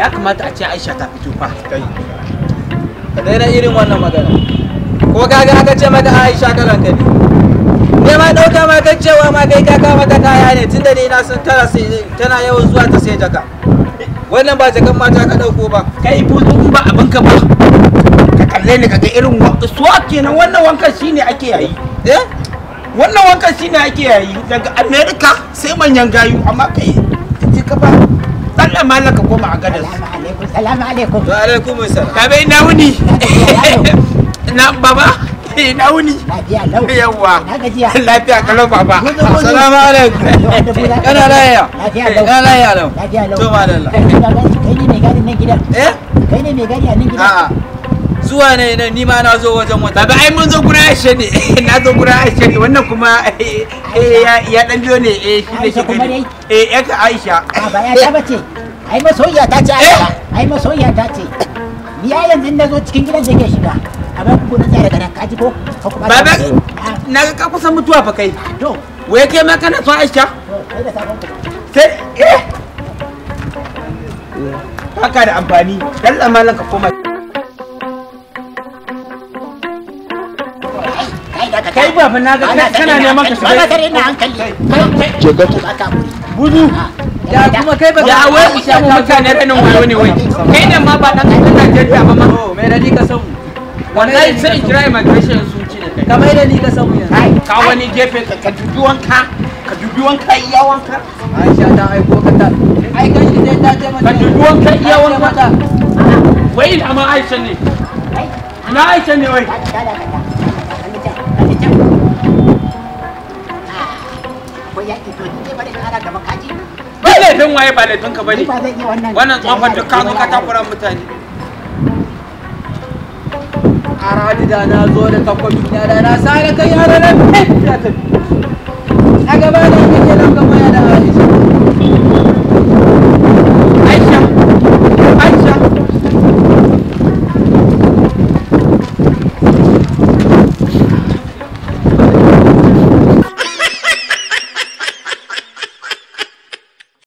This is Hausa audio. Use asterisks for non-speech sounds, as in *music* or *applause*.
ya kamata a ce aisha ta fito fa ka daina irin wannan magana ko kaga aka ce maka aisha karan ka ne ne ma dauka ma ka cewa ma kai ka kama ta kaya ne tunda ni na san tana tana yawan zuwa ta sai jaka wannan ba jakan mata ka dauko ba kai fudu ba abin ka ba ka kalle ni kaga irin su ake nan wannan wankan shine ake yayi eh wannan wankan shine ake yayi daga america sai manyan gayu amma kai ji ka ba Allah mallan ka koma a su salamu alaikum wa alaikum assalam ka bai wuni na baba na wuni yawa lafiya kalau baba assalamu alaikum *laughs* kana lafiya kana lafiya lau to madalla kai ne mai gadi nan gidan eh kai ne mai gadi a nan gidan a'a zuwa ne nan ni ma na zo wajen wata ba ai mun zo gurin Aisha ne *laughs* na zo gurin Aisha ne wannan kuma eh, eh, ya dan biyo ne eh shi ne shi eh ya ka Aisha ba ya ta bace ai masoyiya ta ce ai eh? masoyiya ta ce ni ya yanzu na zo cikin gidan da ke shiga a ba ku tsaya daga ka kaji ko baba na ga ka kusa mutuwa fa kai to waye kai ma kana so aisha sai eh haka da amfani dan lamalan ka koma kai baba na ga kana neman ka shiga ba ka tare ina hankali ke ga buzu ya kuma kai ba ya wai ku samu mutane ranin wayo ne wai kai nan ma ba dan kasar Najeriya ba ma oh, mai radi ka samu wallahi sai in kira immigration sun ci da kai ka mai ni ka samu yanzu ka wani gefe ka dubi wanka ka dubi wanka iya wanka Aisha ta ko ka ta ai kan shi ne ta je mata ka dubi wanka iya wanka wai ina ma Aisha ne na Aisha ne wai Ko ya ki to ne bare kana gaba kaji laifin waye ba laifin ka bane wannan tsofan duk ka zo ka takura mutane a da na zo da takwami na da na sa da kai yaran nan ya tafi